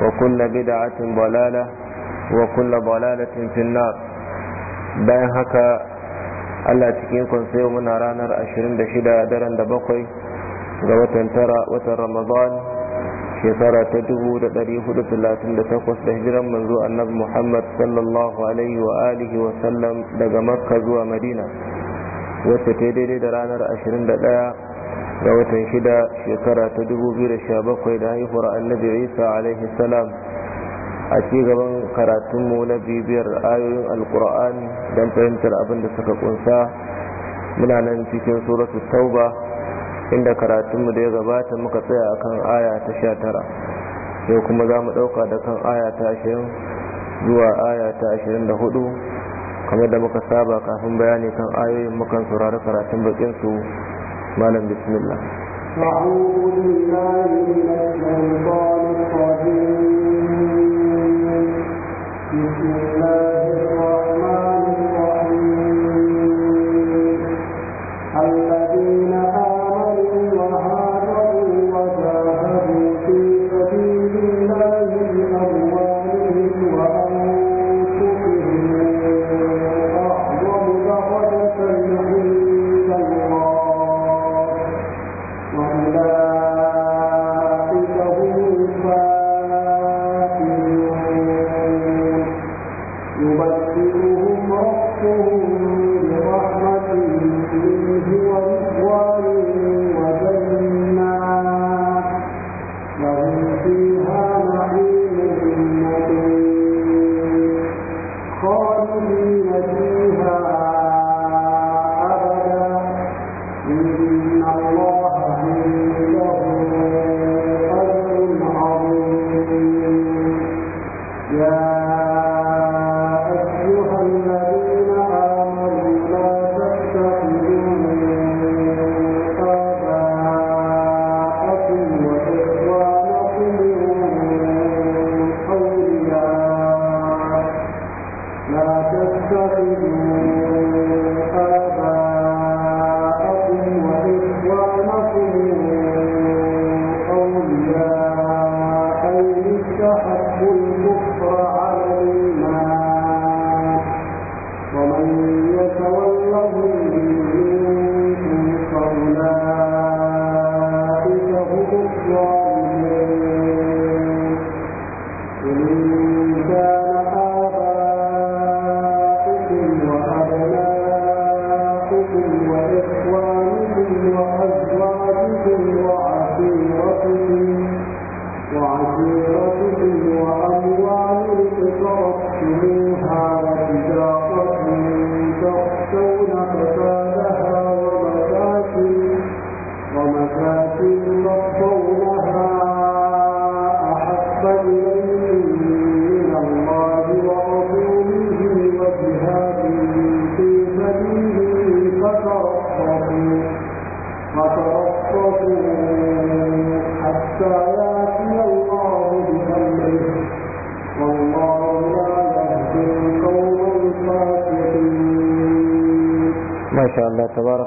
وكل بدعة ضلالة وكل ضلالة في النار bayan haka Allah cikin kun muna ranar 26 daren da bakwai ga watan tara shekara ta 1438 da hijiran manzo annabi Muhammad sallallahu alaihi wa wa sallam daga Makka zuwa Madina wacce ta daidai da ranar 21 da watan shida shekara ta 2017 da haihuwar annabi isa alaihi salam a ci gaban karatunmu na bibiyar ayoyin alkur'ani don fahimtar abin da suka kunsa muna nan cikin suratul tauba inda karatunmu da ya gabata muka tsaya akan aya ta sha tara yau kuma za mu ɗauka da kan aya ta ashirin zuwa aya ta ashirin da hudu kamar da muka saba kafin bayani kan ayoyin mukan saurari karatun bakinsu malam bismillah أعوذ بالله من الشيطان الرجيم بسم الله الرحمن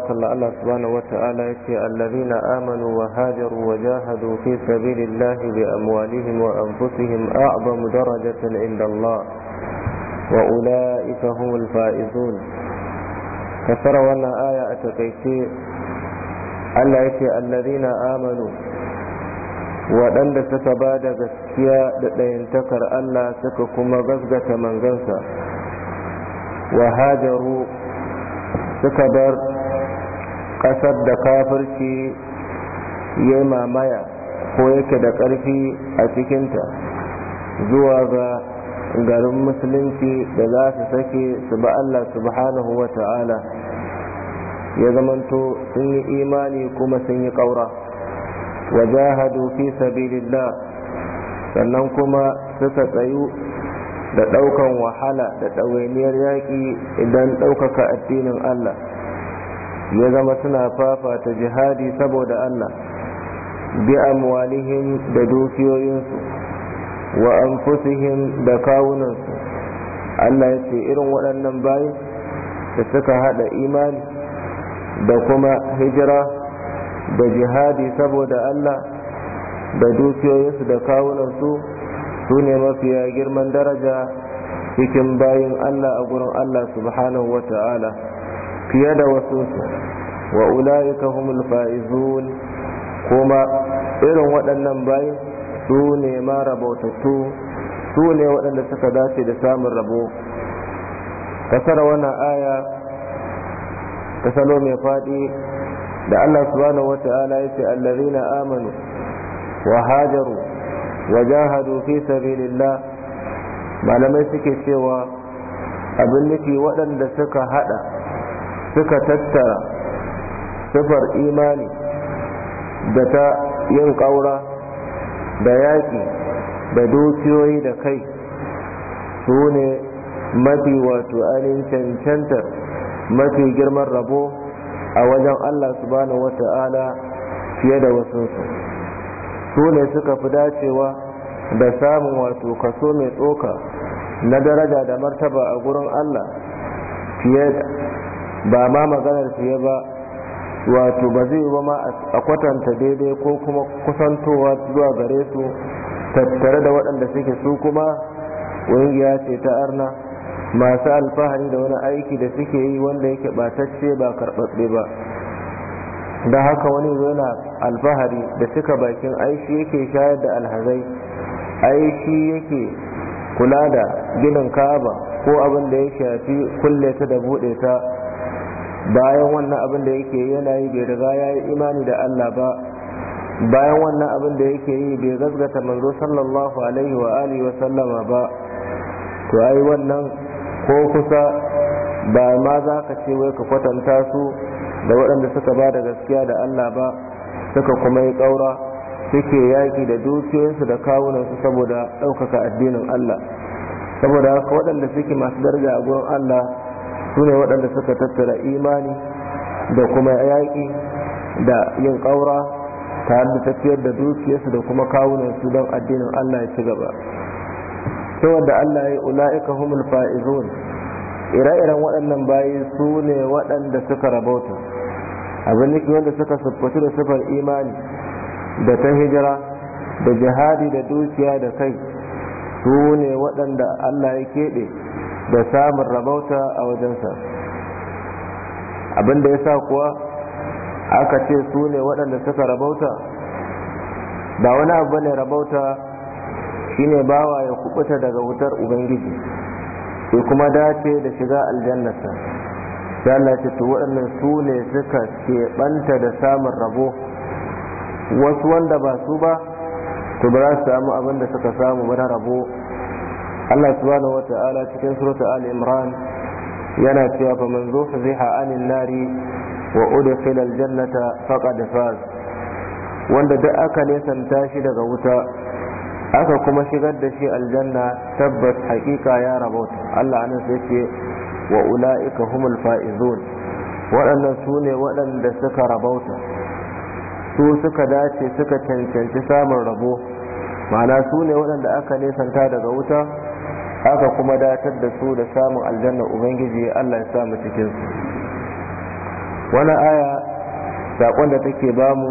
توكل الله سبحانه وتعالى يكفي الذين آمنوا وهاجروا وجاهدوا في سبيل الله بأموالهم وأنفسهم أعظم درجة عند الله وأولئك هم الفائزون فسر وانا آية أتقيتي الله يكفي الذين آمنوا waɗanda suka ba da gaskiya da ɗayantakar Allah suka kuma gasgata mangansa wa hajaru suka bar ƙasar da kafirci ya mamaya ko yake da ƙarfi a cikinta zuwa ga garin musulunci da za su sake su ba Allah subhanahu wa ta'ala ya zamanto sun yi imani kuma sun yi ƙaura wajahadu fi sabilillah sannan kuma suka tsayu da ɗaukan wahala da ɗawainiyar yaƙi idan ɗaukaka addinin Allah ya zama suna fafata jihadi saboda Allah bi amwalihim da dukiyoyinsu wa anfusihim da kawunansu Allah ya ce irin waɗannan bayi da suka haɗa imani da kuma hijira da jihadi saboda Allah da dukiyoyinsu da kawunansu su ne mafiya girman daraja cikin bayin Allah a gurin Allah subhanahu wa ta'ala fiye da wasu wa ula'ika humul faizun kuma irin waɗannan bai su ne ma rabautattu su ne waɗanda suka dace da samun rabo kasara wannan aya ta salo mai faɗi da Allah subhanahu wa ta'ala ya ce allazina amanu wa hajaru wa jahadu fi sabilillah malamai suke cewa abin nufi waɗanda suka haɗa. suka tattara sifar imani da ta yin ƙaura da yaƙi da dukiyoyi da kai su ne mafi wato ainihin cancantar mafi girman rabo a wajen Allah subhanahu wata'ala fiye da wasunsu su ne suka fi dacewa da samun wato kaso mai tsoka na daraja da martaba a gurin Allah fiye ba ma maganar fiye ba wato ba zai ba ma a kwatanta daidai ko kuma kusantowa zuwa gare su tattare da waɗanda suke su kuma ƙungiya ce ta arna masu alfahari da wani aiki da suke yi wanda yake batacce ba karɓaɓɓe ba da haka wani yana alfahari da cika bakin aiki yake shayar da alhazai aishi yake kula da ginin kaba ko abin da ya shafi kulle ta da buɗe ta bayan wannan abin da yake yana yi bai riga ya yi imani da Allah ba bayan wannan abin da yake yi bai gazgata manzo sallallahu alaihi wa alihi wa sallama ba to ai wannan ko kusa ba ma za ka ce wai ka kwatanta su da waɗanda suka ba da gaskiya da Allah ba suka kuma yi ƙaura suke yaki da dukiyoyinsu da kawunansu saboda ɗaukaka addinin Allah saboda haka waɗanda suke masu daraja a gurin Allah su ne waɗanda suka tattara imani da kuma yaƙi da yin ƙaura tare da tafiyar da dukiyarsu da kuma kawunan su don addinin Allah ya ci gaba sai wanda Allah ya yi ula'ika humul fa'izun ire-iren waɗannan bayi su ne waɗanda suka rabauta abin ke wanda suka siffatu da sifar imani da ta hijira da jihadi da dukiya da kai su ne waɗanda Allah ya keɗe da samun rabauta a wajensa abinda ya sa kuwa aka ce su ne waɗanda suka rabauta ba wani abu ne rabauta shine bawa ya kubuta daga wutar ubangiji Ya kuma dace da shiga aljannata da Allah ce to waɗannan su ne suka keɓanta da samun rabo wasu wanda ba su ba to ba za su samu abin suka samu ba rabo Allah subhanahu wata'ala cikin surata Ali Imran yana cewa fa man zuhziha 'anil nari wa udkhila al-jannata faqad faz wanda duk aka nesanta shi daga wuta aka kuma shigar da shi aljanna tabbas hakika ya rabauta Allah anan sai ce wa ula'ika humul fa'izun waɗannan su ne waɗanda suka rabauta su suka dace suka cancanci samun rabo ma'ana su ne waɗanda aka nesanta daga wuta haka kuma datar da su da samun aljanna ubangiji Allah ya samu cikin su wannan aya saƙon da take bamu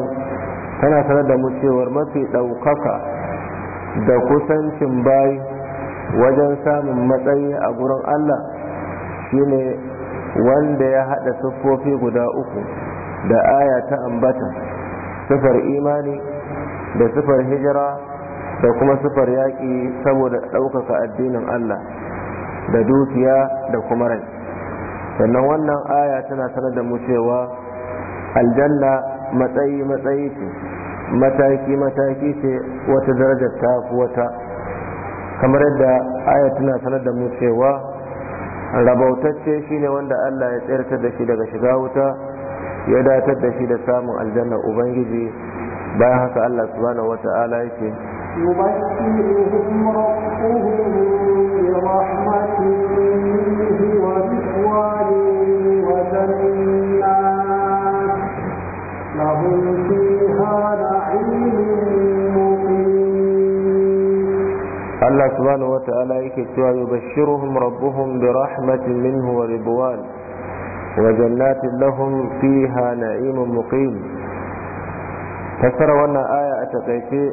tana sanar da mu cewar mafi ɗaukaka da kusancin bayi wajen samun matsayi a gurin Allah shine wanda ya haɗa siffofi guda uku da aya ta ambata sifar imani da sifar hijira da kuma sufar yaƙi saboda ɗaukaka addinin Allah da dukiya da kuma rai sannan wannan aya tana sanar da mu cewa aljanna matsayi matsayi ce mataki mataki ce wata darajar ta wata kamar yadda aya tana sanar da mu cewa rabautacce shine wanda Allah ya tsirta da shi daga shiga wuta ya datar da shi da samun aljanna ubangiji bayan haka Allah subhanahu wata'ala yake يبشرهم ربهم برحمة منه ورضوان وجنات لهم فيها نعيم مقيم الله سبحانه وتعالى يكتوى يبشرهم ربهم برحمة منه ورضوان وجنات لهم فيها نعيم مقيم فسر وانا آية أتقيتي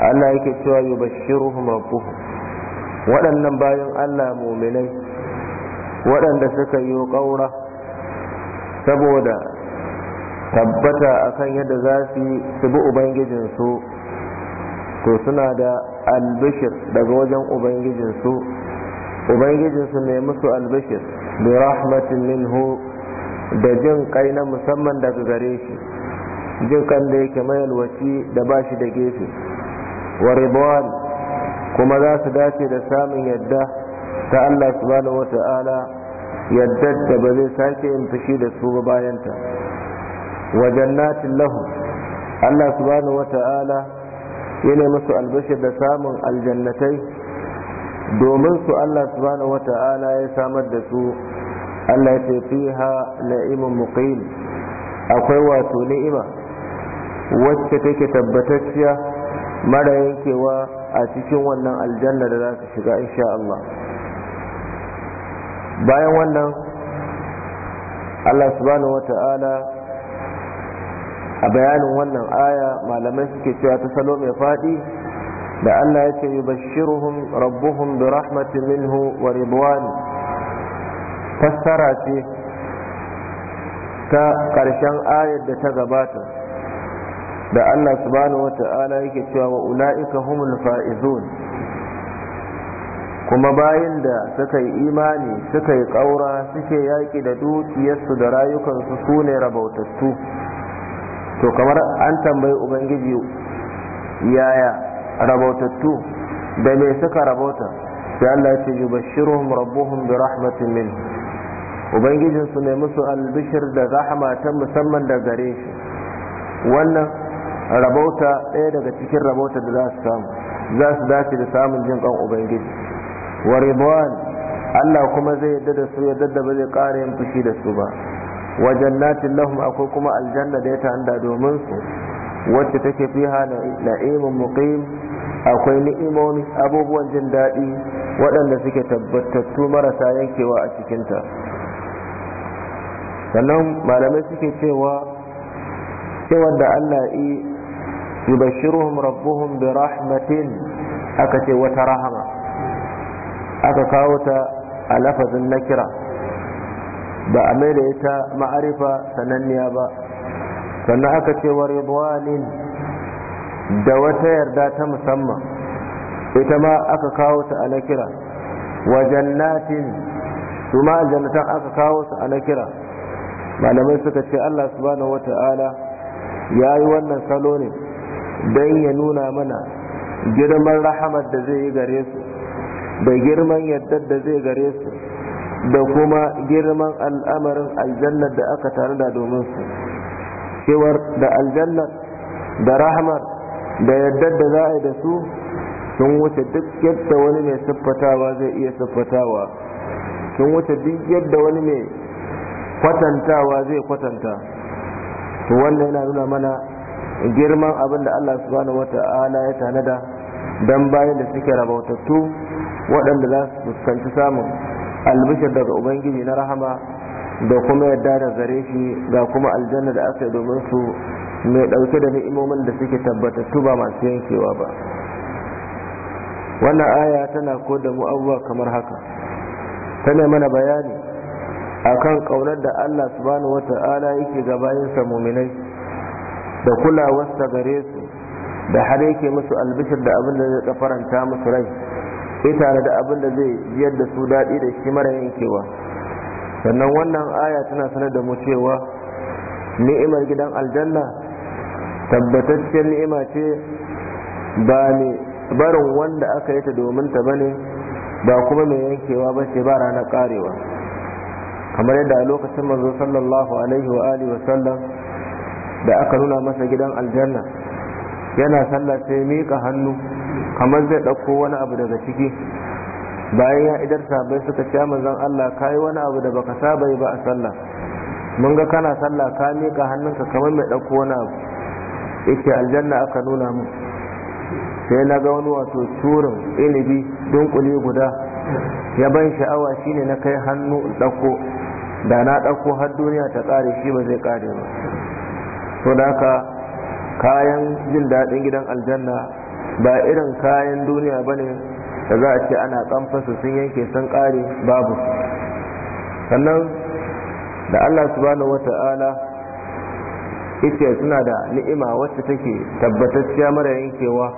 Allah yake cewa yubashshiruhum rabbuhum waɗannan bayan Allah muminai waɗanda suka yi ƙaura saboda tabbata akan yadda za su bi ubangijinsu to suna da albishir daga wajen ubangijinsu ubangijinsu mai musu albishir bi rahmatin minhu da jin kai na musamman daga gare shi jin kan da yake mayalwaci da ba shi da gefe wa ridwan kuma za su dace da samun yadda ta Allah subhanahu wa ta'ala yadda da ba zai sake yin fushi da su ba bayanta wa jannatin lahu Allah subhanahu wa ta'ala yana musu albashi da samun aljannatai domin su Allah subhanahu wa ta'ala ya samar da su Allah ya fiha na'imun muqim akwai wato ni'ima wacce take tabbatacciya mara yankewa a cikin wannan aljanna da za ka shiga insha Allah bayan wannan Allah subhanahu wata'ala a bayanin wannan aya malamai suke cewa ta salo mai faɗi da Allah ya ce yubashshiruhum rabbuhum bi rahmatin minhu wa ridwani fassara ce ta ƙarshen ayar da ta gabata da Allah subhanahu wata'ala yake cewa wa ula'ika humul fa'izun kuma bayan da suka yi imani suka yi ƙaura suke yaƙi da dukiyarsu da rayukansu su ne rabautattu to kamar an tambayi ubangiji yaya rabautattu da me suka rabauta sai Allah ce yubashshiruhum rabbuhum bi rahmatin min ubangijinsu ne musu albishir da rahama ta musamman da gare shi wannan rabauta ɗaya daga cikin rabauta da za su samu za su dace da samun jin ƙan ubangiji wa ridwan Allah kuma zai yadda da su yadda da ba zai ƙara yin fushi da su ba wa jannatin lahum akwai kuma aljanna da ya ta'anda domin su wacce take fiha na'imun muqim akwai ni'imomi abubuwan jin daɗi waɗanda suke tabbatattu marasa yankewa a cikinta sannan malamai suke cewa cewar da Allah yi yubashshiruhum rabbuhum bi rahmatin aka ce wata rahama aka kawo ta a lafazin nakira ba a mai da ita ma'arifa sananniya ba sannan aka ce wa ridwanin da wata yarda ta musamman ita ma aka kawo ta a nakira wa jannatin su ma aljannatan aka kawo su a nakira malamai suka ce Allah subhanahu Ta'ala ya yi wannan salo ne Dan ya nuna mana girman rahamar da zai yi gare su da girman yardar da zai gare su da kuma girman al'amarin aljannar da aka da domin su cewar da aljannar da rahamar da yardar da za a yi da su sun wuce duk yadda wani mai siffatawa zai iya siffatawa sun wuce duk yadda wani mai kwatantawa zai kwatanta to wannan yana nuna mana girman abin da Allah subhanahu ta'ala ya tanada dan bayan da suke rabautattu waɗanda za su fuskanci samun albishir daga ubangiji na rahama da kuma yadda da gare shi ga kuma aljanna da aka domin su mai ɗauke da ni'imomin da suke tabbatattu ba masu yankewa ba wannan aya tana ko da mu abubuwa kamar haka tana mana bayani akan ƙaunar da Allah subhanahu wata'ala yake ga bayan muminai da kulawarsa gare su da har yake musu albishir da abin da zai faranta musu rai sai tare da abin da zai biyar da su daɗi da shi mara yankewa sannan wannan aya tana sanar da mu cewa ni'imar gidan aljanna tabbataccen ni'ima ce ba ne barin wanda aka yi ta domin ta bane ba kuma mai yankewa ba ce ba ranar karewa kamar yadda a lokacin manzo sallallahu alaihi wa alihi wa sallam da aka nuna masa gidan aljanna yana sallah sai mika hannu kamar zai ɗauko wani abu daga ciki bayan ya idar sabai suka ce manzon Allah kai wani abu da baka saba ba a sallah mun ga kana sallah ka mika hannunka kamar mai ɗauko wani abu yake aljanna aka nuna mu sai na ga wani wato turin inibi dunkule guda ya ban sha'awa shine na kai hannu ɗauko da na ɗauko har duniya ta ƙare shi ba zai ƙare ba so da haka kayan jin daɗin gidan aljanna ba irin kayan duniya ba ne da za a ce ana kamfasa sun yanke sun ƙare babu sannan da allah subhanahu wata'ala ita suna da ni'ima wacce take tabbatacciya mara yankewa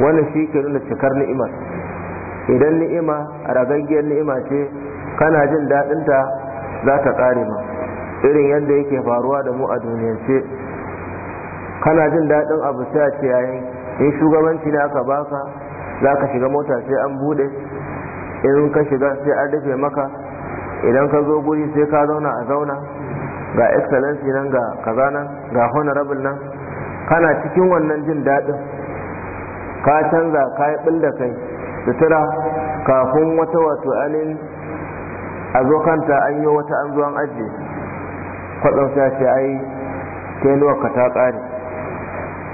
wannan shi ke nuna cikar ni'ima idan ni'ima a ragaggiyar ni'ima ce kana jin daɗinta za ta ƙare ma irin yadda yake faruwa da mu a duniyance kana jin daɗin abu sai a ce yayin in shugabanci ne aka baka za ka shiga mota sai an buɗe in ka shiga sai an rufe maka idan ka zo guri sai ka zauna a zauna ga excellency nan ga kaza nan ga honorable nan kana cikin wannan jin daɗin ka canza ka yi ɓilla kai sutura kafin wata wato anin a zo kanta an yi wata an zuwan ajiye kwatsam sa ce ai tenuwar ka ta kare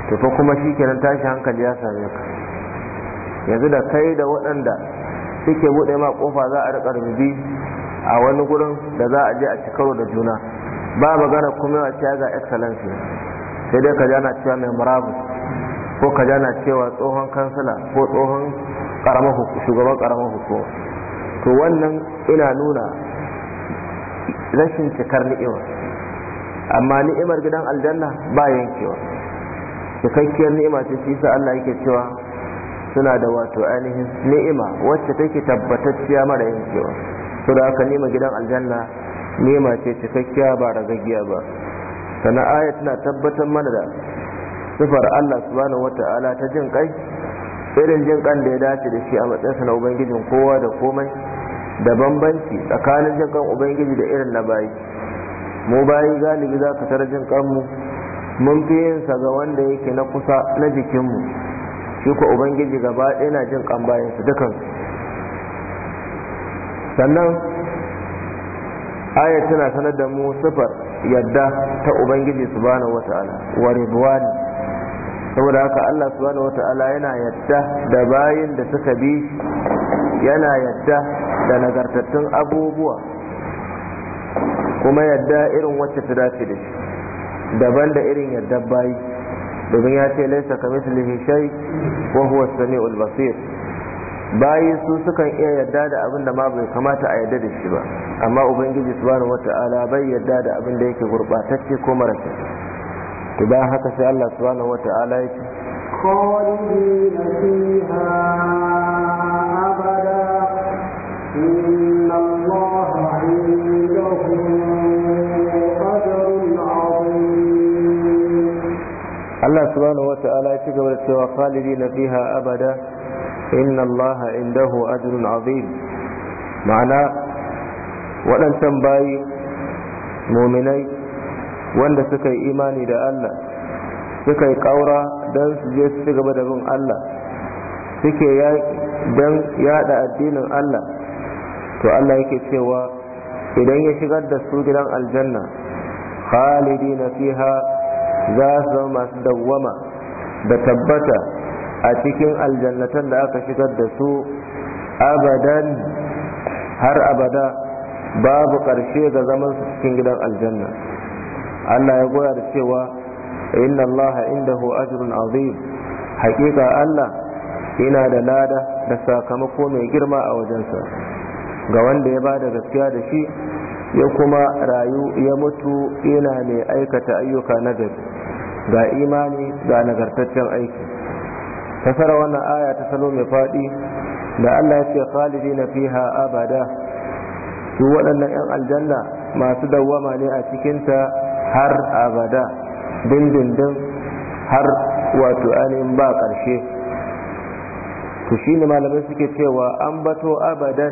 to fa kuma shi kenan tashi hankali ya same ka yanzu da kai da waɗanda suke buɗe ma kofa za a riƙa rubi a wani gurin da za a je a cikaro da juna ba magana kuma a ya ga excellency sai dai ka jana cewa mai murabus ko ka jana cewa tsohon kansila ko tsohon shugaban karamar hukuma to wannan ina nuna rashin cikar ni'ima amma ni'imar gidan aljanna ba yankewa cikakkiyar ni'ima ce shi sa Allah yake cewa suna da wato ainihin ni'ima wacce take tabbatacciya mara yankewa to da haka ni'ima gidan aljanna ni'ima ce cikakkiya ba ragaggiya ba sana aya tana tabbatar mana da sifar Allah subhanahu wata'ala ta jin kai irin jin kan da ya dace da shi a matsayinsa na ubangijin kowa da komai da bambanci tsakanin jin kan ubangiji da irin na bayi mu bayi galibi za ka tarjin kanmu mun fi yin sa ga wanda yake na kusa na jikinmu shi ko ubangiji gaba ɗaya na jin kan bayansu dukansu sannan aya tana sanar da mu sifar yadda ta ubangiji su wata ala wa buwani saboda haka Allah su wata ala yana yadda da bayin da suka bi yana yadda da nagartattun abubuwa kuma yadda irin wacce ta dace da shi daban da irin yadda bayi domin ya ce laisa ka mislihi shay wa huwa samiul basir bayi su sukan iya yadda da abin da ma bai kamata a yadda da shi ba amma ubangiji subhanahu wata'ala bai yadda da abin da yake gurbatacce ko mara kyau to bayan haka sai Allah subhanahu wata'ala yake خالدين فيها أبدا إن الله Allah subhanahu wata'ala ya cigaba gaba da cewa khalidina fiha abada inna Allah indahu ajrun azim ma'ana waɗancan bayi muminai wanda suka yi imani da Allah suka yi ƙaura don su je su ci da bin Allah suke don yada addinin Allah to Allah yake cewa idan ya shigar da su gidan aljanna khalidina fiha za su zama masu dawwama da tabbata a cikin aljannatan da aka shigar da su abadan har abada babu ƙarshe ga zaman su cikin gidan aljanna Allah ya goya da cewa inna Allah indahu ajrun azim haƙiƙa Allah yana da lada da sakamako mai girma a wajensa ga wanda ya bada gaskiya da shi ya kuma rayu ya mutu yana mai aikata ayyuka na gari ga imani ga nagartaccen aiki fasara wannan aya ta salo mai faɗi da Allah ya ce khalidina fiha abada su waɗannan 'yan aljanna masu dawwama ne a cikinta har abada dindindin har wato ainihin ba ƙarshe to shi ne malamai suke cewa an bato abadan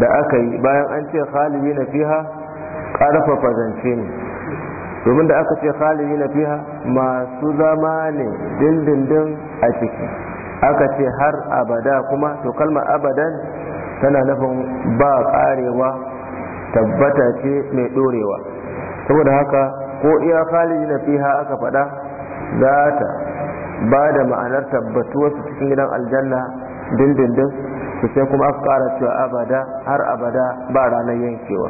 da aka yi bayan an ce khalidina fiha ƙarfafa zance ne domin da aka ce khalidi na fiha masu zama ne dindindin a ciki aka ce har abada kuma to kalmar abadan tana nufin ba karewa tabbata ce mai dorewa saboda haka ko iya khalidi na fiha aka faɗa za ta ba da ma'anar tabbatuwarsu cikin gidan aljanna dindindin su sai kuma aka ƙara cewa abada har abada ba ranar yankewa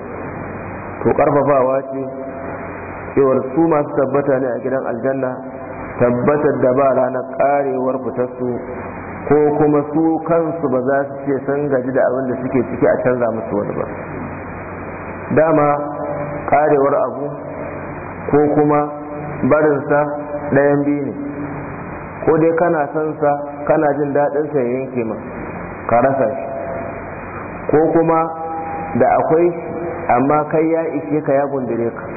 to ƙarfafawa ce cewar su masu tabbata ne a gidan aljanna tabbatar da ba ranar karewar fitarsu ko kuma su kansu ba za su ce san gaji da abin da suke ciki a canza musu wani ba dama karewar abu ko kuma barinsa ɗayan biyu ne ko dai kana son sa kana jin daɗin sa yanke ma ka rasa shi ko kuma da akwai amma kai ya ishe ka ya gundure ka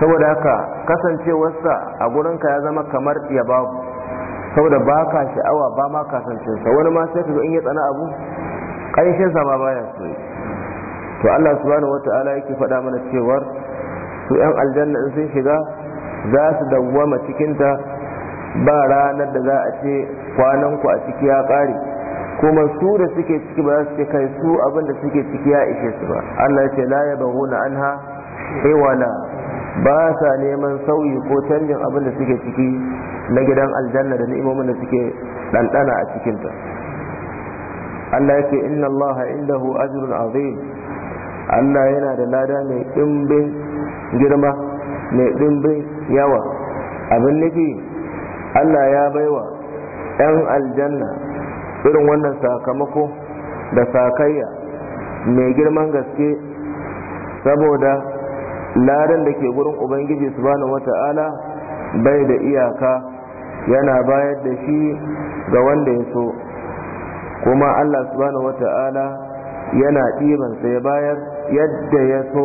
saboda haka kasancewarsa a gurinka ya zama kamar ya babu saboda ba ka sha'awa ba ma kasancewarsa wani ma sai ka in ya tsana abu ƙanshinsa ba baya so to Allah subhanahu ala yake faɗa mana cewar su 'yan aljanna in sun shiga za su dawwama cikinta ba ranar da za a ce kwanan ku a ciki ya ƙare kuma su da suke ciki ba za su ce kai su abin da suke ciki ya ishe su ba Allah ya ce la yabghuna anha hiwala ba sa neman sauyi ko canjin abin da suke ciki na gidan aljanna da ni'imomin da suke ɗanɗana a cikinta Allah yake inna Allah indahu ajrun azim Allah yana da lada mai ɗimbin girma mai ɗimbin yawa abin nufi Allah ya baiwa 'yan aljanna irin wannan sakamako da sakayya mai girman gaske saboda ladan da ke gurin ubangiji subhanahu wata'ala bai da iyaka yana bayar da shi ga wanda ya so kuma allah subhanahu wata'ala yana ɗibansa ya bayar yadda ya so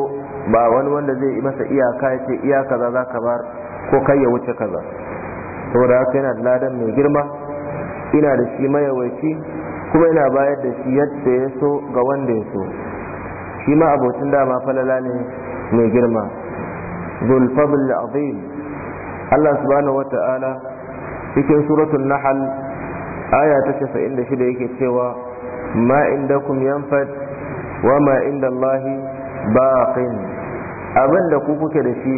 ba wani wanda zai yi masa iyaka ya ce iya za ka bar ko kai ya wuce kaza saboda haka yana da ladan mai girma ina da shi mayawaci kuma yana bayar da shi yadda ya so ga wanda ya so shi ma abocin dama falala ne mai girma zulfadl azim Allah subhanahu wa ta'ala cikin suratul nahl aya ta da 96 yake cewa ma indakum yanfad wa ma inda Allah baqin abin da ku kuke da shi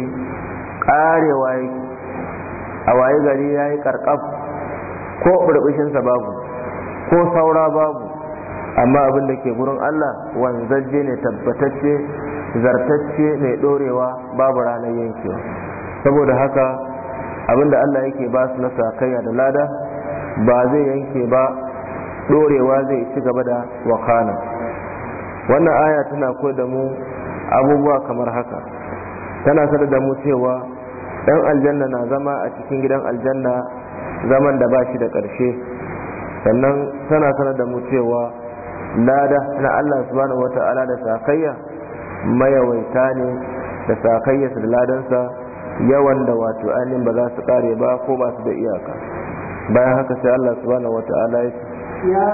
karewa yake a waye gari yayi karkab ko burbushin babu ko saura babu amma abin da ke gurin Allah wanzajje ne tabbatacce zartacce mai dorewa babu ranar yankewa saboda haka abinda Allah yake ba su na sakayya da lada ba zai yanke ba dorewa zai ci gaba da wakana wannan aya tana ko da mu abubuwa kamar haka tana sada da mu cewa dan aljanna na zama a cikin gidan aljanna zaman da ba shi da ƙarshe sannan tana sanar da mu cewa lada na Allah subhanahu ta'ala da sakayya mayawaita ne da sakayyarsa da ladansa yawan da wato ainihin ba za su kare ba ko ba su da iyaka bayan haka sai Allah subhanahu ta'ala ya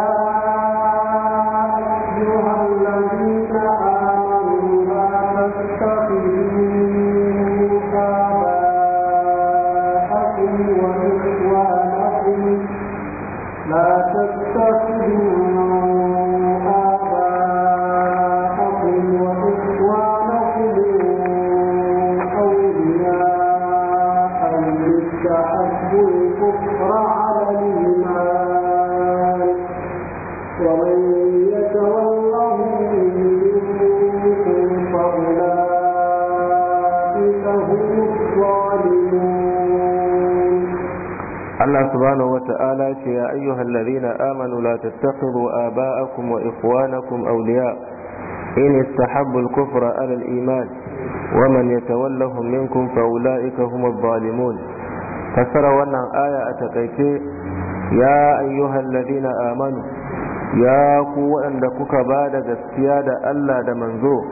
تتخذوا آباءكم وإخوانكم أولياء إن استحبوا الكفر على الإيمان ومن يتولهم منكم فأولئك هم الظالمون فسر وانا آية أتقيتي يا أيها الذين آمنوا يا قوة عندك بعد السيادة ألا دمنزو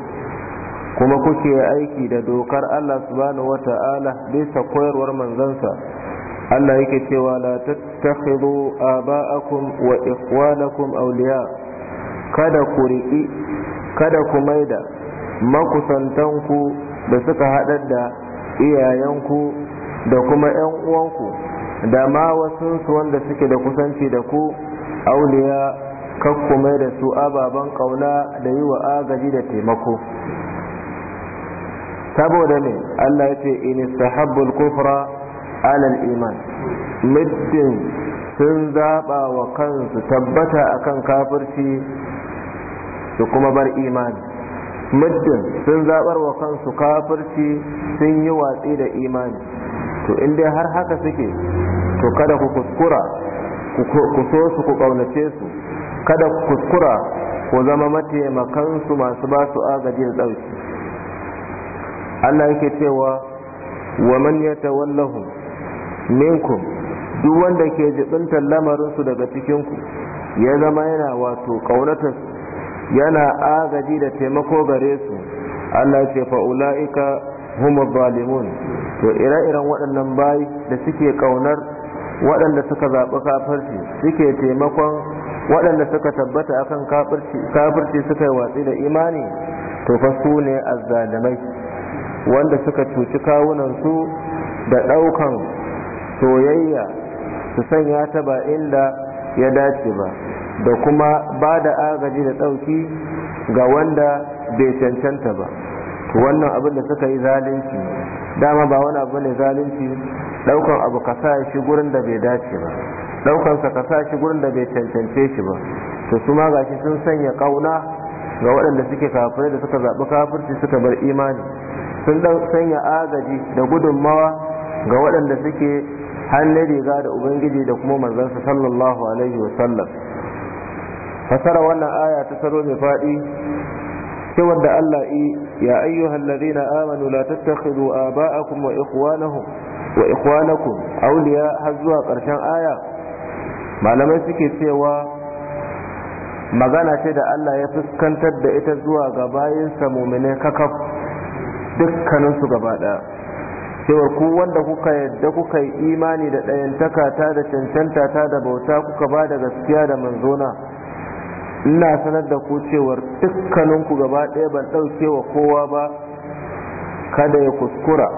kuma kuke aiki da dokar Allah subhanahu wata'ala bisa koyarwar manzansa Allah yake cewa la tattakhidhu aba'akum wa ikhwanakum awliya kada ku riƙi kada ku maida makusantanku da suka haɗar da iyayenku da kuma ƴan uwanku da ma wasu wanda suke da kusanci da ku auliya kakkume da su ababen ƙauna da yi wa agaji da taimako saboda ne Allah yace ce in istahabbul kufra alal iman muddin sun zaɓa wa kansu tabbata akan kafirci su kuma bar imani muddin sun zaɓar wa kansu kafirci sun yi watsi da imani to in dai har haka suke to kada ku kuskura ku so su ku ƙaunace su kada ku kuskura ku zama mataimakansu masu ba su agaji da ɗauki Allah yake cewa wa man tawallahu minkum duk wanda ke jibintar lamarinsu daga cikinku ya zama yana wato kaunatar yana agaji da taimako gare su Allah ce fa'ula'ika humu zalimun to ire-iren waɗannan bayi da suke ƙaunar waɗanda suka zaɓi kafirci suke taimakon waɗanda suka tabbata akan kafirci suka yi watsi da imani to fa su ne azzalimai wanda suka cuci kawunan su da ɗaukan soyayya su sanya ta ba inda ya dace ba da kuma ba da agaji da ɗauki ga wanda bai cancanta ba wannan abin da suka yi zalunci dama ba wani abu ne zalunci ɗaukan abu ka sa shi gurin da bai dace ba ɗaukansa ka sa shi gurin da bai cancance shi ba to su ma gashi sun sanya kauna ga waɗanda suke kafirai da suka zaɓi kafirci suka bar imani sun sanya agaji da gudunmawa ga waɗanda suke hannun riga da ubangiji da kuma manzansa sallallahu alaihi wa sallam fasara wannan aya ta saro mai faɗi cewar da Allah i ya ayyuhan ladina amanu la tattakhidhu aba'akum wa ikhwanahum wa ikhwanakum awliya har zuwa ƙarshen aya malamai suke cewa magana ce da Allah ya fuskantar da ita zuwa ga bayinsa muminai kakaf dukkaninsu gaba ɗaya cewar ku wanda kuka yadda kuka yi imani da ɗayantaka ta da cancanta ta da bauta kuka ba da gaskiya da manzona ina sanar da ku cewa dukkaninku gaba ɗaya ban ɗauke wa kowa ba kada ya kuskura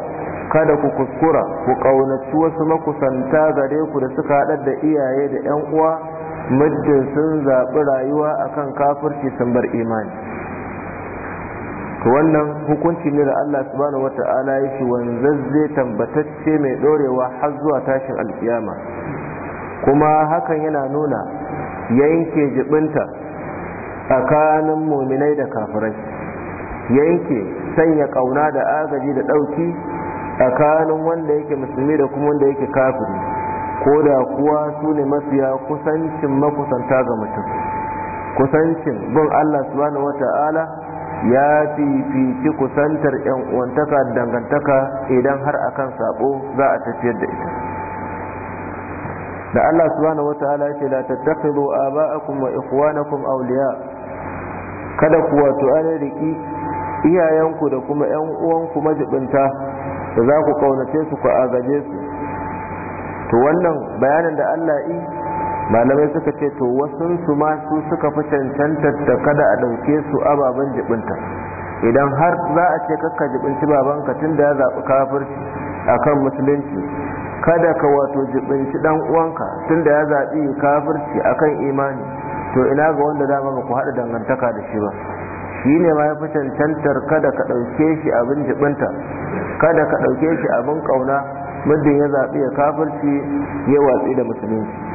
kada ku kuskura ku ƙaunaci wasu makusanta gare ku da suka haɗar da iyaye da 'yan uwa muddin sun zaɓi rayuwa akan kafirci sun bar imani wannan hukunci ne da Allah subhanahu wata'ala ya ce wanzazze tambatacce mai dorewa har zuwa tashin alkiyama kuma hakan yana nuna yanke jibinta tsakanin muminai da kafirai yanke sanya kauna da agaji da dauki tsakanin wanda yake musulmi da kuma wanda yake kafiri ko da kuwa su ne mafiya kusancin makusanta ga mutum kusancin bin Allah subhanahu wata'ala ya fifici kusantar yan uwantaka dangantaka idan har akan sabo za a tafiyar da ita da Allah subhanahu wataala ya ce la tattakhidhu aba'akum wa ikhwanakum awliya kada ku wato ana riki iyayenku da kuma yan uwanku majibinta da za ku kaunace su ku agaje su to wannan bayanin da Allah yi malamai suka ce to wasun su ma su suka fi cancanta da kada a ɗauke su ababen jibinta idan har za a ce kakka jibinci babanka tun da ya zaɓi kafirci kan musulunci kada ka wato jibinci dan uwanka tun da ya zaɓi kafirci kan imani to ina ga wanda dama ba ku haɗa dangantaka da shi ba shi ne ma ya fi cancantar kada ka ɗauke shi abin jibinta kada ka ɗauke shi abin ƙauna muddin ya zaɓi ya kafirci ya watsi da musulunci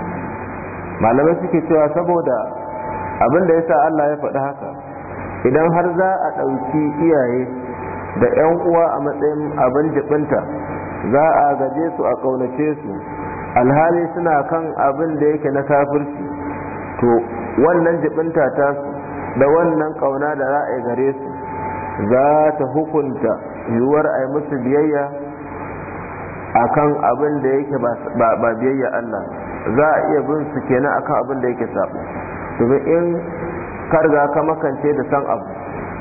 malamai suke cewa saboda abin da yasa Allah ya faɗi haka idan har za a ɗauki iyaye da 'yan uwa a matsayin abin jibinta za a gaje su a ƙaunace su alhali suna kan abin da yake na kafirci to wannan jibinta ta su da wannan ƙauna da za a gare su za ta hukunta yiwuwar a yi musu biyayya a kan abin da yake ba biyayya Allah za a iya bin su kenan akan abin da yake sabo domin in karga ka makance da san abu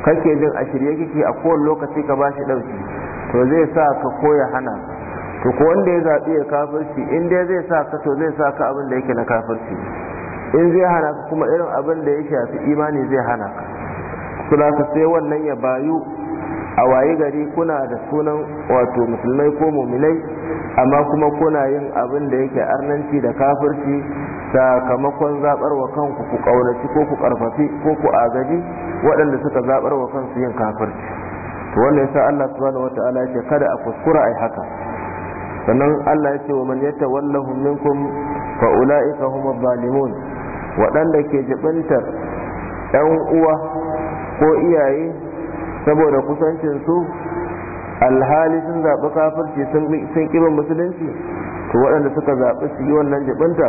kake jin a shirye kike a kowane lokaci ka bashi ɗauki, to zai sa ka koya hana to ko wanda ya zaɓi ya kafirci in dai zai sa ka to zai sa ka abin da yake na kafirci in zai hana ka kuma irin abin da ya shafi imani zai hana ka kula ka sai wannan ya bayu a waye gari kuna da sunan wato musulmai ko muminai amma kuma kuna yin abin da yake arnanci da kafirci sakamakon zabar wa kanku ku kaunaci ko ku karfafi ko ku agaji waɗanda suka zabar wa kansu yin kafirci to ya yasa Allah subhanahu wataala ya kada a kuskura ai haka sannan Allah ya ce wa man yatawallahu minkum fa ulaika humuz zalimun waɗanda ke jibintar ɗan uwa ko iyaye saboda kusancin su alhali sun zaɓi kafirci sun ƙiban musulunci to waɗanda suka zaɓi su yi wannan jibinta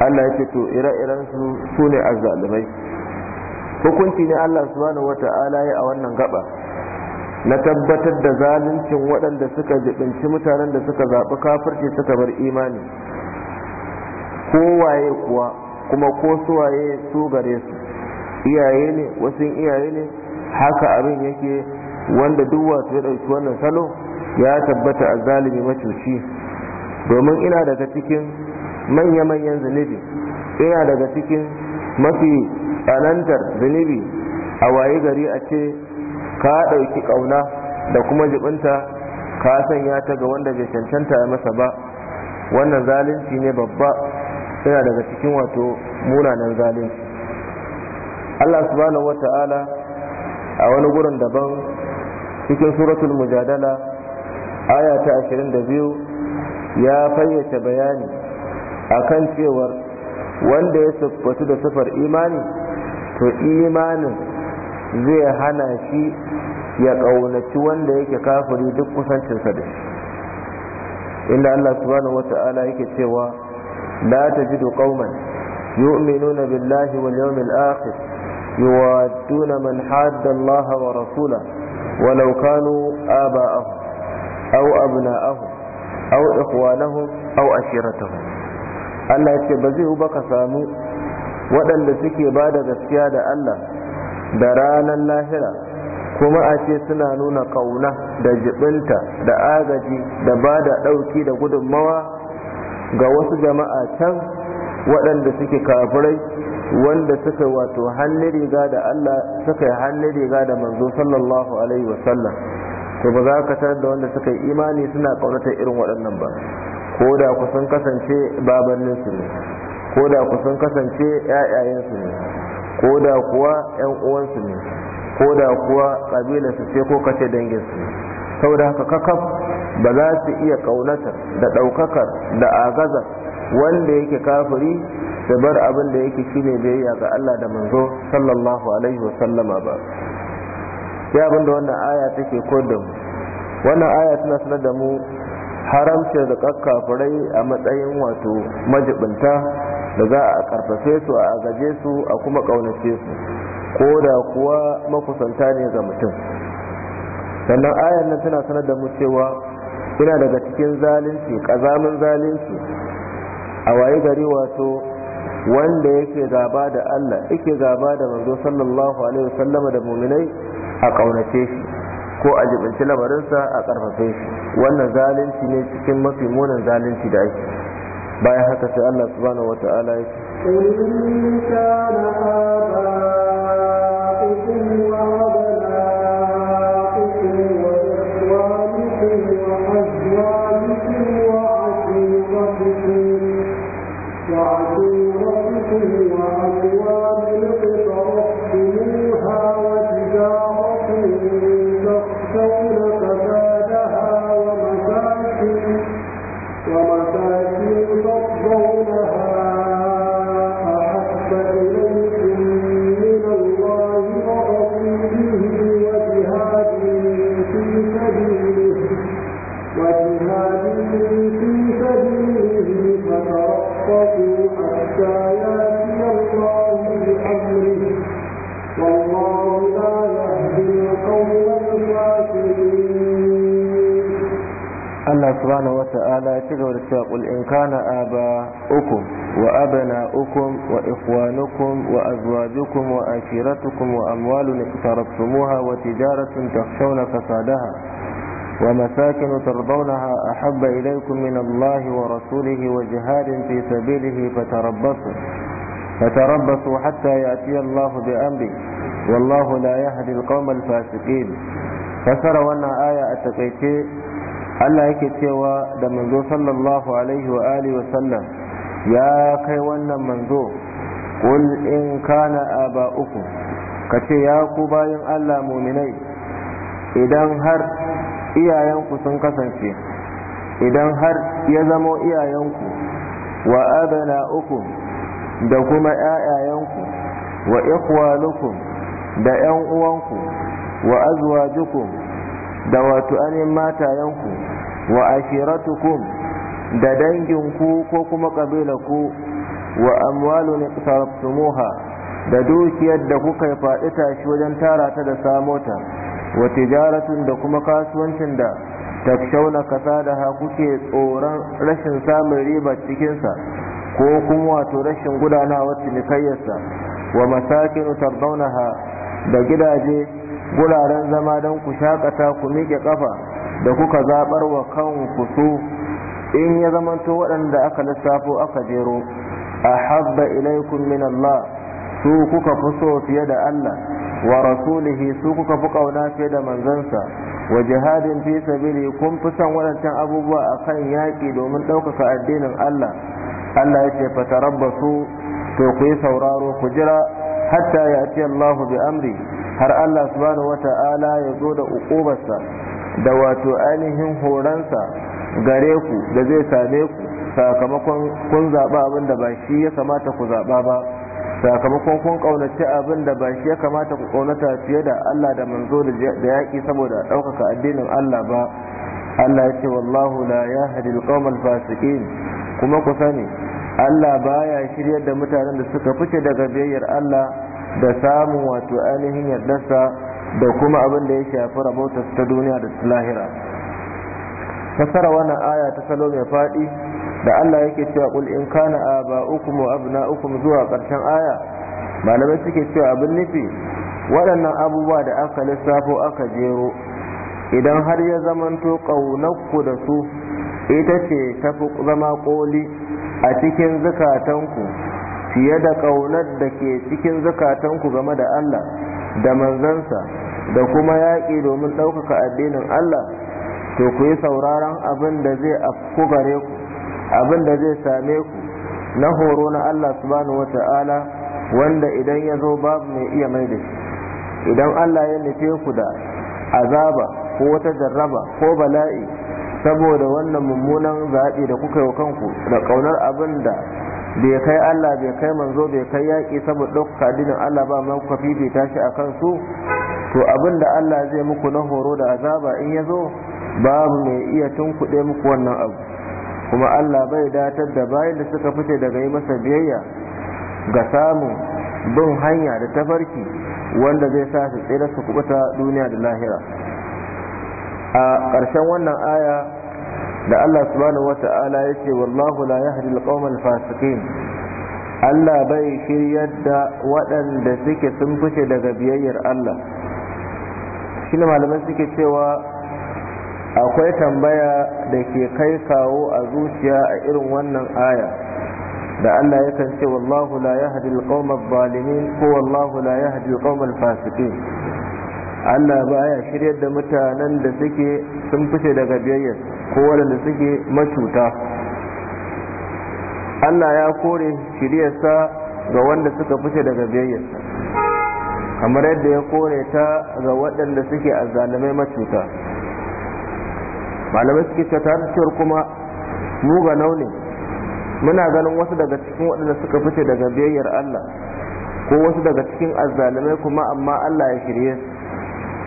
Allah ya ce to ire-iren su su ne azzalumai hukunci ne Allah subhanahu wata'ala ya a wannan gaba na tabbatar da zaluncin waɗanda suka jibinci mutanen da suka zaɓi kafirci suka bar imani kowaye kuwa kuma ko suwaye su gare su iyaye ne wasu iyaye ne haka abin yake wanda duk wato ya ɗauki wannan salo ya tabbata a zalimi macuci domin ina daga cikin manya-manyan zunubi ina daga cikin mafi tsanantar zunubi a waye gari a ce ka ɗauki ƙauna da kuma jibinta ka sanya ta ga wanda bai cancanta ya masa ba wannan zalunci ne babba Ina daga cikin wato munanan zalunci Allah subhanahu Ta'ala. a wani gurin daban cikin suratul mujadala aya ta 22 ya fayyace bayani akan cewar wanda ya siffatu da sifar imani to imanin zai hana shi ya ƙaunaci wanda yake kafiri duk kusancinsa da shi inda Allah subhanahu wata'ala yake cewa la tajidu qauman yu'minuna billahi wal yawmil akhir يوادون من حاد الله ورسوله ولو كانوا آباءهم أو أبناءهم أو إخوانهم أو أشيرتهم Allah ya ce ba zai ka samu waɗanda suke ba da gaskiya da Allah da ranar lahira kuma a ce suna nuna ƙauna da jibinta da agaji da ba da ɗauki da gudunmawa ga wasu jama'a can waɗanda suke kafirai wanda suka wato hannun riga da Allah suka yi hannun riga da manzo sallallahu alaihi wasallam to ba za ka tar da wanda suka yi imani suna ƙaunatar irin waɗannan ba ko da kusan kasance babanninsu ne ko da kusan kasance su ne ko da kuwa ‘yan uwansu ne ko da kuwa ƙabilarsu ce ko kace danginsu ne saboda haka kakaf ba za su iya ƙaunatar da ɗaukakar da agazar wanda yake kafiri da bar abin da yake shine biyayya ga Allah da manzo sallallahu alaihi wa sallama ba sai abin da wannan aya take ko da mu wannan aya tana sanar da mu haramce da kakkafurai a matsayin wato majibinta da za a karfafe su a agaje su a kuma kaunace su ko da kuwa makusanta ne ga mutum sannan ayar nan tana sanar da mu cewa ina daga cikin zalunci kazamin zalunci a waye gari wato wanda yake gaba da Allah yake gaba da manzo sallallahu alaihi wasallam da muminai a kaunace shi ko a jibinci lamarinsa a karfafe shi wannan zalunci ne cikin mafi munin zalunci da ake bayan haka sai Allah subhanahu wata'ala ya ce سبحانه وتعالى تقول قل إن كان آباؤكم وأبناؤكم وإخوانكم وأزواجكم وأشيرتكم وأموال اقترضتموها وتجارة تخشون فسادها ومساكن ترضونها أحب إليكم من الله ورسوله وجهاد في سبيله فتربصوا فتربصوا حتى يأتي الله بأمره والله لا يهدي القوم الفاسقين فسروا أن آية التقيتين Allah yake cewa da manzo sallallahu alaihi wa alihi wa sallam ya kai wannan manzo qul in kana aba'ukum kace ya ku bayin Allah muminai idan har iyayenku sun kasance idan har ya zamo iyayenku wa abana'ukum da kuma ƴaƴayenku wa ikhwalukum da ƴan uwanku wa azwajukum da wato anin matayenku wa ashiratukum da danginku ko kuma ƙabilarku wa amwalun iqtarabtumuha da dukiyar da kuka faɗi tashi wajen tarata da samota wa tijaratun da kuma kasuwancin da da kasadaha kuke tsoron rashin samun riba cikinsa ko kuma wato rashin gudanawar cinikayyarsa wa masakinu tardaunaha da gidaje guraren zama don ku shakata ku miƙe ƙafa da kuka zaɓar wa kanku su in ya zamanto waɗanda aka lissafo aka jero a habba ilaikum min Allah su kuka fi so fiye da Allah wa rasulihi su kuka fi ƙauna fiye da manzansa wa jihadin fi sabili kun fi son waɗancan abubuwa a kan yaƙi domin ɗaukaka addinin Allah Allah ya ce fatarabbasu to ku yi sauraro ku jira hatta ya ce Allahu bi amri har Allah subhanahu wata'ala ya zo da uƙubarsa da wato ainihin horonsa gare ku da zai same ku sakamakon kun zaɓa abin da ba shi ya kamata ku zaɓa ba sakamakon kun ƙaunaci abin da ba shi ya kamata ku ƙaunata fiye da Allah da manzo da yaƙi saboda ɗaukaka addinin Allah ba Allah ya ce wallahu la hadi al fasiqin kuma ku sani Allah baya shiryar da mutanen da suka fice daga biyayyar Allah da samun wato ainihin yardarsa da kuma abin da ya shafi rabautar ta duniya da ta lahira fasara wannan aya ta salo mai faɗi da Allah yake cewa kul in kana aba'ukum wa abna'ukum zuwa karshen aya malamai suke cewa abin nufi waɗannan abubuwa da aka lissafo aka jero idan har ya zamanto ƙaunarku da su ita ce ta fi zama ƙoli a cikin zukatanku fiye da ƙaunar da ke cikin zukatanku game da Allah da manzansa da kuma yaƙi domin ɗaukaka addinin Allah to ku yi sauraron abin da zai afku gare ku abin da zai same ku na horo na Allah subhanahu ta'ala wanda idan ya zo babu mai iya mai da shi idan Allah ya nufe ku da azaba ko wata jarraba ko bala'i saboda wannan mummunan zaɓi da kuka yi wa kanku da ƙaunar abin da bai kai Allah bai kai manzo bai kai yaƙi saboda ɗaukaka addinin Allah ba man kwafi bai tashi a kansu to abin da Allah zai muku na horo da azaba in ya zo babu mai iya tunkuɗe muku wannan abu kuma Allah bai datar da bayan da suka fice daga yi masa biyayya ga samun bin hanya da tafarki wanda zai sa su tsira su kubuta duniya da lahira a ƙarshen wannan aya da Allah subhanahu Ta'ala ya ce wallahu la yahdi alqawmal fasiqin Allah bai shiryar da waɗanda suke sun fice daga biyayyar Allah shi ne malamai suke cewa akwai tambaya da ke kai kawo a zuciya a irin wannan aya da Allah yakan ce wallahu la yahdi alqawmal zalimin ko wallahu la yahdi alqawmal fasiqin Allah baya shiryar da mutanen da suke sun fice daga biyayya ko waɗanda suke macuta Allah ya kore shiryarsa ga wanda suka fice daga biyayya kamar yadda ya kore ta ga waɗanda suke azzalumai macuta malamai suke cewa cewar kuma mu ga ne muna ganin wasu daga cikin waɗanda suka fice daga biyayyar Allah ko wasu daga cikin azzalumai kuma amma Allah ya shirye su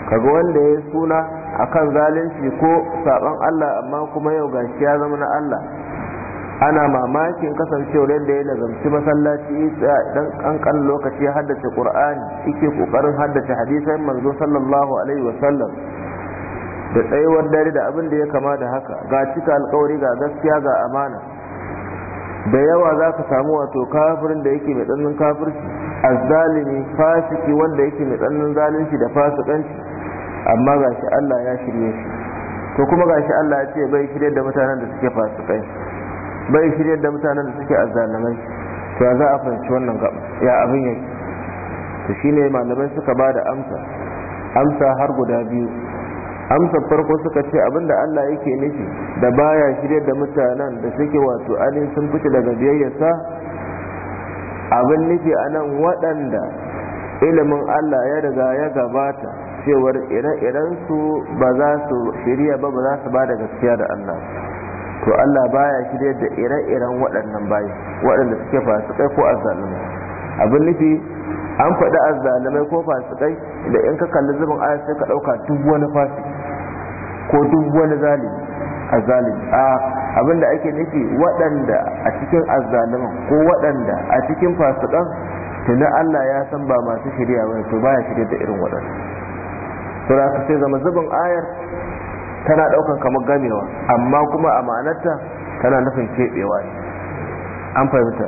kaga wanda ya yi suna akan zalunci ko saban Allah amma kuma yau gashi ya zama na Allah ana mamakin kasancewar yadda ya nazamci masallaci isa dan kankan lokaci ya haddace qur'ani yake kokarin haddace hadisan manzo sallallahu alaihi wa sallam da tsayuwar dare da abin da ya kama da haka ga cika alkawari ga gaskiya ga amana da yawa za ka samu wato kafirin da yake mai tsananin kafirci azzalimi fasiki wanda yake mai tsananin zalunci da fasikanci amma ga shi Allah ya shirye shi to kuma ga shi Allah ya ce bai shirye da mutanen da suke fasikai bai shirye da mutanen da suke azzalumai to za a fahimci wannan gaba ya abin yake to shine malamai suka ba da amsa amsa har guda biyu amsa farko suka ce abinda Allah yake nufi da baya shirye da mutanen da suke wato alin sun fice daga biyayyarsa abin nufi anan waɗanda ilimin Allah ya riga ya gabata cewar ire-iren su ba za su shirya ba ba za su ba da gaskiya da Allah to Allah baya shirya da ire-iren waɗannan bayi waɗanda suke fasikai ko azzalumai abin nufi an faɗi azzalumai ko fasikai da in ka kalli zubin aya sai ka ɗauka duk wani fasik ko duk wani zalimi azzalimi a abin da ake nufi waɗanda a cikin azzaluman ko waɗanda a cikin fasikan tuni Allah ya san ba masu shirya ba to baya shirya da irin waɗannan to da sai zama zubin ayar tana daukan kamar gamewa amma kuma a ma'anarta tana nufin keɓewa ne an fahimta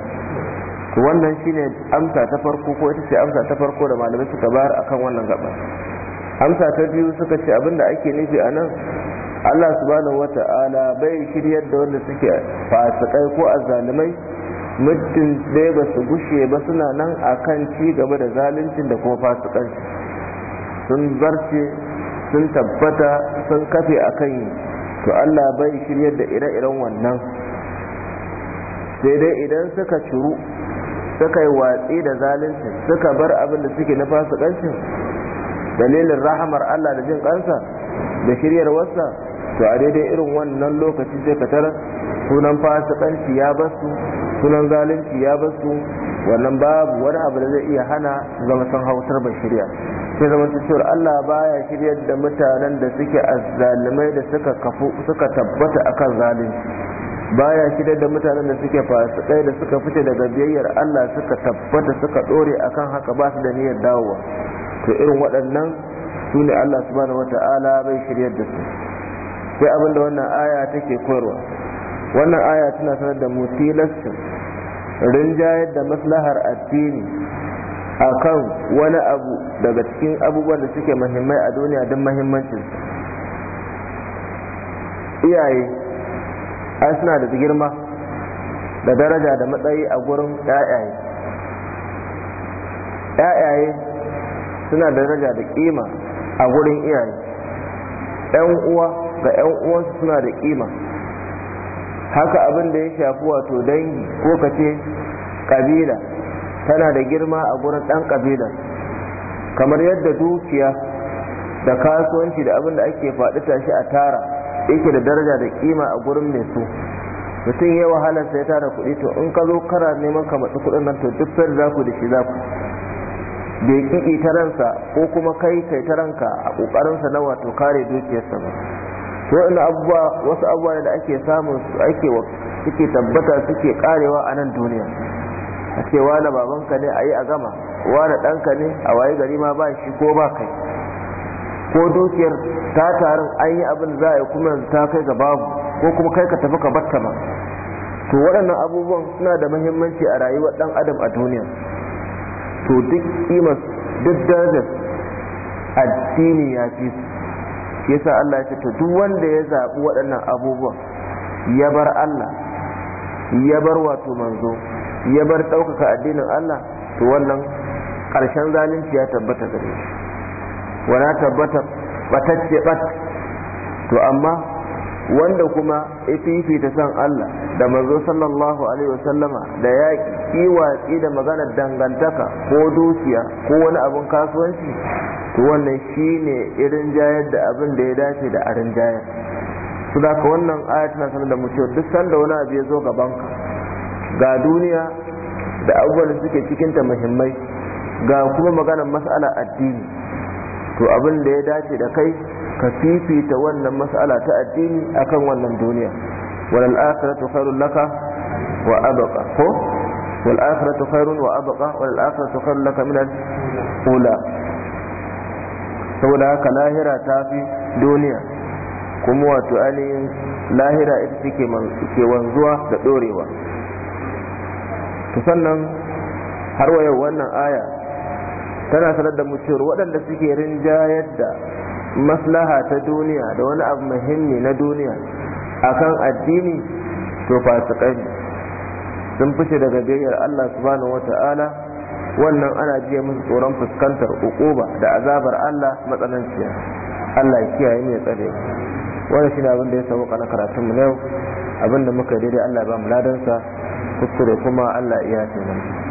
to wannan shine amsa ta farko ko ita ce amsa ta farko da malamai suka bayar akan wannan gaba amsa ta biyu suka ce abin da ake nufi a nan Allah subhanahu wata'ala bai shiryar da wanda suke fasikai ko azzalumai muddin dai ba su gushe ba suna nan akan ci gaba da zaluncin da kuma fasikanci sun zarce sun tabbata sun kafe a kan yi to allah bai shiryar da ire-iren wannan sai dai idan suka ciru suka yi watsi da zalunci suka bar abin da suke na fasikancin dalilin rahamar allah da jin kansa da shiryar wasa to a daidai irin wannan lokaci sai ka tara sunan ya basu sunan zalunci ya basu wannan babu wani abu da zai iya hana zama san hautar ba shirya sai zama su cewar Allah baya shiryar da mutanen da suke zalimai da suka kafu suka tabbata akan zalunci baya shiryar da mutanen da suke fasikai da suka fice daga biyayyar Allah suka tabbata suka dore akan haka ba su da niyyar dawowa to irin waɗannan su ne Allah subhanahu bai shiryar da su sai abinda wannan aya take koyarwa wannan aya tana sanar da mu rinjayar da maslahar addini a kan wani abu daga cikin abubuwan da suke mahimmai a duniya don mahimmancin iyaye ai suna da girma da daraja da matsayi a gurin yayaye yayaye suna da daraja da kima a gurin iyaye yan uwa ga yan uwansu suna da kima haka abin da ya shafi wato dangi ko kace kabila tana da girma a gurin ɗan kabila kamar yadda dukiya da kasuwanci da abin da ake faɗi tashi a tara yake da daraja da kima a gurin mai so mutum ya wahalarsa sai tara kuɗi to in ka zo kara neman ka matsi kuɗin nan to duk fayar za ku da shi za ku bai ƙiƙi ta ransa ko kuma kai kai ta ranka a ƙoƙarinsa na wato kare dukiyarsa ba to ina abubuwa wasu abubuwa da ake samu su ake suke tabbata suke karewa a nan duniya a ce wala babanka ne a yi a gama wala ɗanka ne a waye gari ma ba shi ko ba kai ko dukiyar ta tarin an yi abin za a yi kuma ta kai ga babu ko kuma kai ka tafi ka batta ma to waɗannan abubuwan suna da muhimmanci a rayuwar ɗan adam a duniya to duk kimar duk darajar addini ya fi su yasa Allah ya ce to duk wanda ya zaɓi waɗannan abubuwan ya bar Allah ya bar wato manzo ya bar ɗaukaka addinin Allah to wannan ƙarshen zalunci ya tabbata gare shi wana tabbata batacce bat to amma wanda kuma ya fifita son Allah da manzo sallallahu alaihi wasallama da ya ki watsi da maganar dangantaka ko dukiya ko wani abin kasuwanci to wannan shine irin jayar da abin da ya dace da arin jayar su da ka wannan aya tana sanar da mu cewa duk sanda wani abu ya zo gaban ka ga duniya da abubuwan da suke cikin ta muhimmai ga kuma maganar mas'ala addini to abin da ya dace da kai ka fifita wannan mas'ala ta addini akan wannan duniya wal akhiratu khairul laka wa abqa ko wal akhiratu khairun wa abqa wal akhiratu khairul laka min al ula saboda haka lahira ta fi duniya kuma wato ainihin lahira ita take ke wanzuwa da dorewa to sannan har wa wannan aya tana sanar da mu waɗanda suke rinjayar da maslaha ta duniya da wani abu muhimmi na duniya akan addini to fasikai sun fice daga biyayyar Allah subhanahu wata'ala wannan ana jiya musu tsoron fuskantar ukuba da azabar Allah matsananciya Allah ya kiyaye mu ya tsare wannan shine abin da ya samu kana karatun mu yau abin da muka daidai Allah ya ba mu ladansa kuskure kuma Allah ya yafe